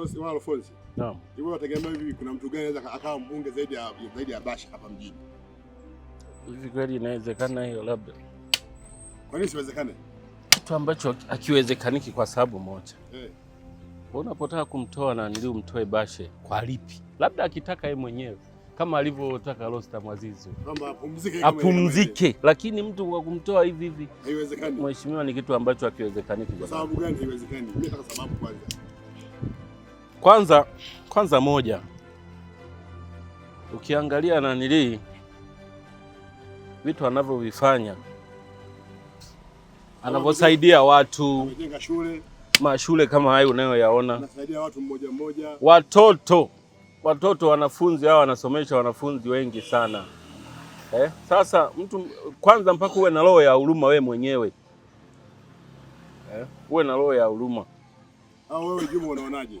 Wewe Alphonse. Naam. Hivi kuna mtu gani anaweza akawa mbunge zaidi ya zaidi ya Basha hapa mjini? Hivi kweli inawezekana hiyo labda? Kwa nini siwezekane? Kitu ambacho akiwezekaniki kwa sababu moja. Eh. Unapotaka kumtoa na umtoe Bashe kwa lipi? Labda akitaka yeye mwenyewe kama alivyotaka Rosta Mwazizi apumzike, lakini mtu kwa kumtoa hivi hivi haiwezekani. Mheshimiwa, ni kitu ambacho hakiwezekaniki. Kwa sababu gani haiwezekani? Mimi nataka sababu kwanza. Kwanza kwanza moja, ukiangalia nanilii vitu anavyovifanya, anavyosaidia watu, mashule kama hayo unayoyaona, anasaidia watu mmoja mmoja, watoto watoto, wanafunzi hawa, wanasomesha wanafunzi wengi sana eh. Sasa mtu kwanza mpaka uwe na roho ya huruma we mwenyewe eh, uwe na roho ya huruma. Au wewe Juma, unaonaje?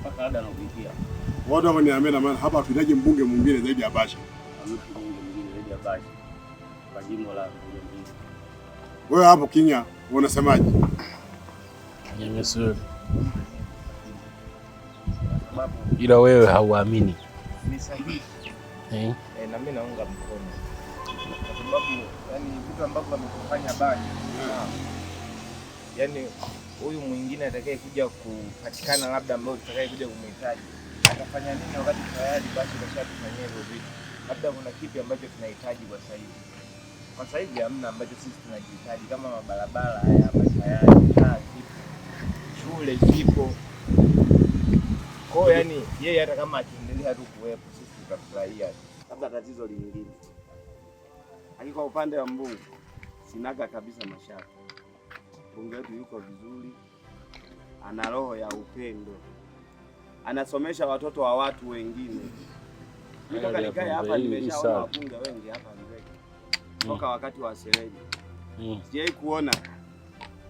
mpaka labda anakuitia watu hapa. Niambie na maana hapa hatuhitaji mbunge mwingine zaidi ya Bashe, mbunge mwingine zaidi ya Bashe kwa jimbo la wewe hapo Kinya, unasemaje? Ila wewe hauamini eh? e, na mimi naunga mkono kwa sababu yani vitu ambavyo amekufanya Bashe eh. yani huyu mwingine atakaye kuja kupatikana labda ambayo tutakaye kuja kumhitaji atafanya nini, wakati tayari basi kashatufanyia hivyo vitu. Labda kuna kipi ambacho tunahitaji kwa sasa hivi. Kwa sasa hivi hamna ambacho sisi tunajihitaji, kama mabarabara haya hapa tayari, taa zipo, shule zipo. Kwa hiyo yani, yeye hata kama akiendelea tu kuwepo, sisi tutafurahia. Labda tatizo lingine, lakini kwa upande wa Mbungu sinaga kabisa mashaka mbunge wetu yuko vizuri, ana roho ya upendo, anasomesha watoto wa watu wengine. Toka nikae hapa nimeshaona wabunge wengi hapa Nzega toka wakati wa Sereji, mm. sijai kuona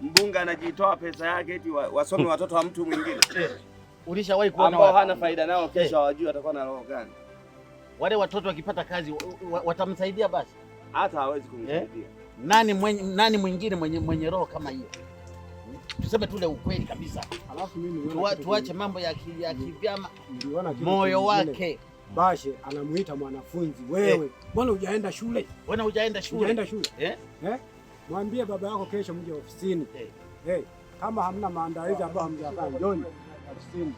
mbunge anajitoa pesa yake eti wasome watoto wa mtu mwingine. Ulishawahi kuona ambao hana faida nao, eh. kesho hawajui watakuwa na roho gani. Wale watoto wakipata kazi watamsaidia basi, hata hawezi kumsaidia eh? nani mwenye, nani mwingine mwenye, mwenye roho kama hiyo? Tuseme tule ukweli kabisa, alafu mimi tuwa, tuache mambo ya kivyama moyo wake. Bashe anamuita mwanafunzi wewe, eh. mbona eh? Hujaenda shule, mbona hujaenda shule, hujaenda shule eh? Eh? Mwambie baba yako kesho mje ofisini eh. Eh, kama hamna maandalizi ambayo hamjafanya jioni ofisini.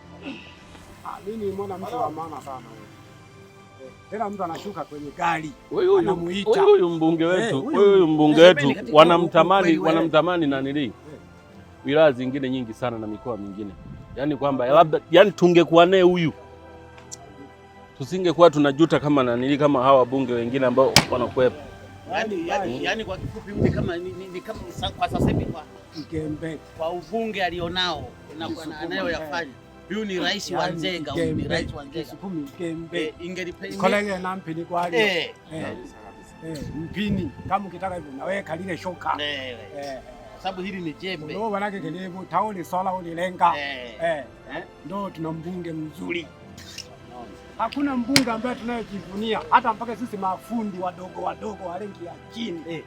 Ah, mimi mwana mtu wa maana sana wewe tena mtu anashuka kwenye gari anamuita huyu mbunge eh, wetu, huyu mbunge wetu wanamtamani, wanamtamani nanilii eh. wilaya zingine nyingi sana na mikoa mingine, yaani kwamba labda, yaani tungekuwa naye huyu tusingekuwa tunajuta kama nanili kama hawa wabunge wengine ambao wanakuwepo. Yani, yani, yani hmm. yaani kwa kifupi mimi kama ni, ni, kama kwa sasa hivi kwa, kwa ubunge alionao anayoyafanya Huyu ni rais wa Nzenga, huyu ni rais wa Nzenga. Eh, ingelipeni. Kolege na mpini kwa hali. Eh. Eh. eh. mpini kama ukitaka hivyo na wewe kalile shoka. Eh, eh. Eh. Sababu hili ni jembe. Ndio wanake kelevu, taoni sola au lenga. Eh. Eh. Ndio tuna mbunge mzuri. Hakuna mbunge ambaye tunayojivunia hata mpaka sisi mafundi wadogo wadogo wa rangi ya chini.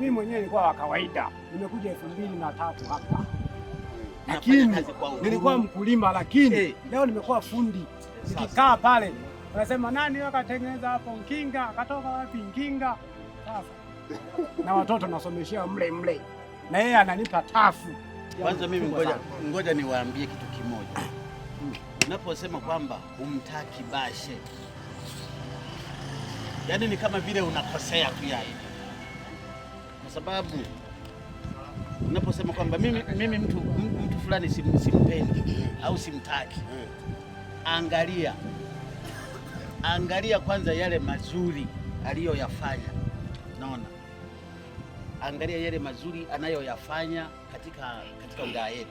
Mimi mwenyewe nilikuwa wa kawaida. Nimekuja elfu mbili na tatu hapa lakini nilikuwa mkulima, lakini eh. leo nimekuwa fundi. Nikikaa pale anasema nani katengeneza hapo Nkinga, akatoka wapi Nkinga? Sasa na watoto nasomeshea mle mle, na yeye ananipa tafu. Kwanza mimi ngoja, ngoja niwaambie kitu kimoja. Unaposema kwamba umtaki Bashe, yaani ni kama vile unakosea tu yaye, kwa sababu unaposema kwamba mimi, mimi mtu fulani sim, simpendi eh. au simtaki, eh. angalia angalia kwanza yale mazuri aliyoyafanya. Naona angalia yale mazuri anayoyafanya katika, katika wilaya yetu.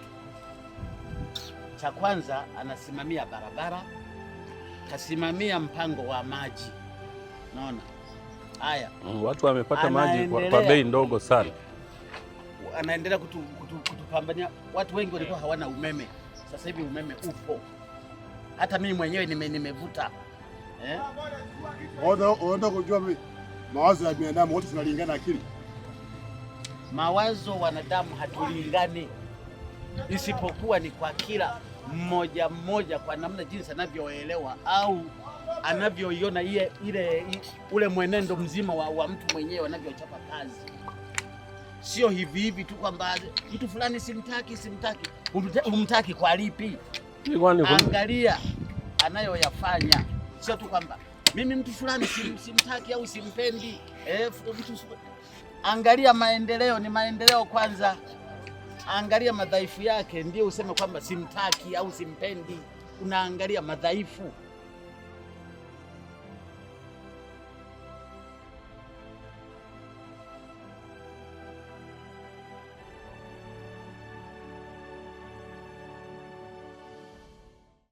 Cha kwanza anasimamia barabara, kasimamia mpango wa maji. Naona haya mm, watu wamepata maji kwa bei ndogo sana anaendelea kutu, kutu, kutupambania. Watu wengi walikuwa hawana umeme, sasa hivi umeme upo. Hata mimi mwenyewe nime, nimevuta eh? kujua mawazo ya binadamu, wote tunalingana akili, mawazo wanadamu hatulingani, isipokuwa ni kwa kila mmoja mmoja kwa namna jinsi anavyoelewa au anavyoiona ile ule mwenendo mzima wa, wa mtu mwenyewe anavyochapa kazi sio hivi hivi tu kwamba mtu fulani simtaki simtaki. Umtaki kwa lipi? Angalia anayoyafanya, sio tu kwamba mimi mtu fulani sim, simtaki au simpendi eh, mtu, angalia maendeleo. Ni maendeleo kwanza, angalia madhaifu yake ndio useme kwamba simtaki au simpendi. Unaangalia madhaifu